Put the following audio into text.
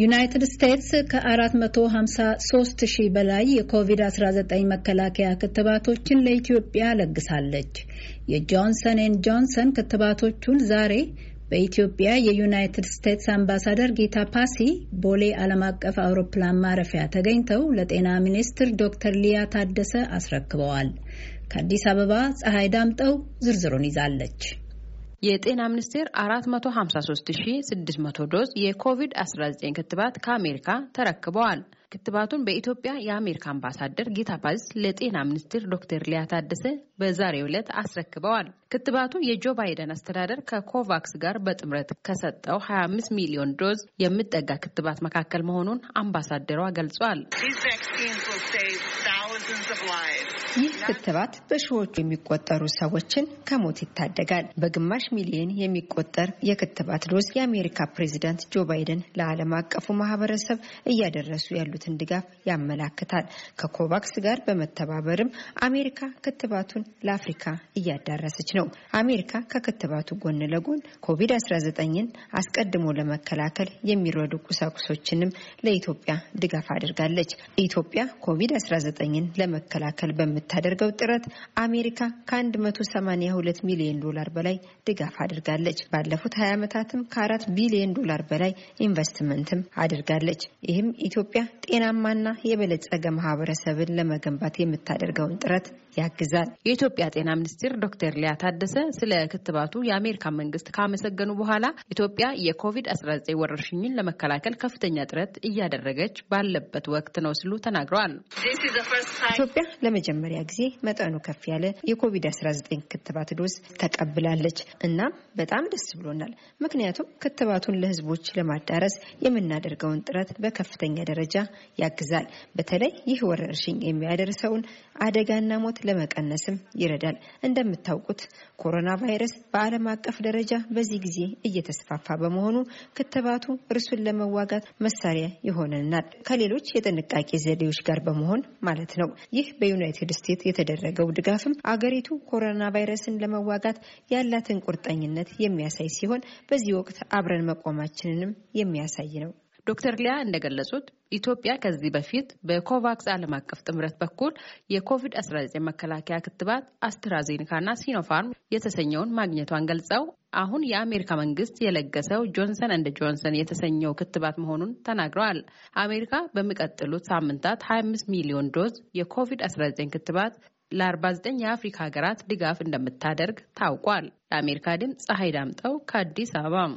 ዩናይትድ ስቴትስ ከ453 ሺህ በላይ የኮቪድ-19 መከላከያ ክትባቶችን ለኢትዮጵያ ለግሳለች። የጆንሰን ኤንድ ጆንሰን ክትባቶቹን ዛሬ በኢትዮጵያ የዩናይትድ ስቴትስ አምባሳደር ጊታ ፓሲ ቦሌ ዓለም አቀፍ አውሮፕላን ማረፊያ ተገኝተው ለጤና ሚኒስትር ዶክተር ሊያ ታደሰ አስረክበዋል። ከአዲስ አበባ ፀሐይ ዳምጠው ዝርዝሩን ይዛለች። የጤና ሚኒስቴር 453600 ዶዝ የኮቪድ-19 ክትባት ከአሜሪካ ተረክበዋል። ክትባቱን በኢትዮጵያ የአሜሪካ አምባሳደር ጌታ ፓዝ ለጤና ሚኒስትር ዶክተር ሊያ ታደሰ በዛሬው ዕለት አስረክበዋል። ክትባቱ የጆ ባይደን አስተዳደር ከኮቫክስ ጋር በጥምረት ከሰጠው 25 ሚሊዮን ዶዝ የምጠጋ ክትባት መካከል መሆኑን አምባሳደሯ ገልጿል። ይህ ክትባት በሺዎቹ የሚቆጠሩ ሰዎችን ከሞት ይታደጋል። በግማሽ ሚሊዮን የሚቆጠር የክትባት ዶዝ የአሜሪካ ፕሬዚዳንት ጆ ባይደን ለዓለም አቀፉ ማህበረሰብ እያደረሱ ያሉት የሚሰጡትን ድጋፍ ያመላክታል። ከኮቫክስ ጋር በመተባበርም አሜሪካ ክትባቱን ለአፍሪካ እያዳረሰች ነው። አሜሪካ ከክትባቱ ጎን ለጎን ኮቪድ-19ን አስቀድሞ ለመከላከል የሚረዱ ቁሳቁሶችንም ለኢትዮጵያ ድጋፍ አድርጋለች። ኢትዮጵያ ኮቪድ-19ን ለመከላከል በምታደርገው ጥረት አሜሪካ ከ182 ሚሊዮን ዶላር በላይ ድጋፍ አድርጋለች። ባለፉት 20 ዓመታትም ከ4 ቢሊዮን ዶላር በላይ ኢንቨስትመንትም አድርጋለች። ይህም ኢትዮጵያ ጤናማና የበለጸገ ማህበረሰብን ለመገንባት የምታደርገውን ጥረት ያግዛል። የኢትዮጵያ ጤና ሚኒስትር ዶክተር ሊያ ታደሰ ስለ ክትባቱ የአሜሪካ መንግስት ካመሰገኑ በኋላ ኢትዮጵያ የኮቪድ-19 ወረርሽኝን ለመከላከል ከፍተኛ ጥረት እያደረገች ባለበት ወቅት ነው ሲሉ ተናግረዋል። ኢትዮጵያ ለመጀመሪያ ጊዜ መጠኑ ከፍ ያለ የኮቪድ-19 ክትባት ዶስ ተቀብላለች። እናም በጣም ደስ ብሎናል። ምክንያቱም ክትባቱን ለህዝቦች ለማዳረስ የምናደርገውን ጥረት በከፍተኛ ደረጃ ያግዛል። በተለይ ይህ ወረርሽኝ የሚያደርሰውን አደጋና ሞት ለመቀነስም ይረዳል። እንደምታውቁት ኮሮና ቫይረስ በዓለም አቀፍ ደረጃ በዚህ ጊዜ እየተስፋፋ በመሆኑ ክትባቱ እርሱን ለመዋጋት መሳሪያ ይሆነናል ከሌሎች የጥንቃቄ ዘዴዎች ጋር በመሆን ማለት ነው። ይህ በዩናይትድ ስቴትስ የተደረገው ድጋፍም አገሪቱ ኮሮና ቫይረስን ለመዋጋት ያላትን ቁርጠኝነት የሚያሳይ ሲሆን በዚህ ወቅት አብረን መቆማችንንም የሚያሳይ ነው። ዶክተር ሊያ እንደገለጹት ኢትዮጵያ ከዚህ በፊት በኮቫክስ ዓለም አቀፍ ጥምረት በኩል የኮቪድ-19 መከላከያ ክትባት አስትራዜኒካና ሲኖፋርም የተሰኘውን ማግኘቷን ገልጸው አሁን የአሜሪካ መንግስት የለገሰው ጆንሰን እንደ ጆንሰን የተሰኘው ክትባት መሆኑን ተናግረዋል። አሜሪካ በሚቀጥሉት ሳምንታት 25 ሚሊዮን ዶዝ የኮቪድ-19 ክትባት ለ49 የአፍሪካ ሀገራት ድጋፍ እንደምታደርግ ታውቋል። ለአሜሪካ ድምፅ ፀሐይ ዳምጠው ከአዲስ አበባ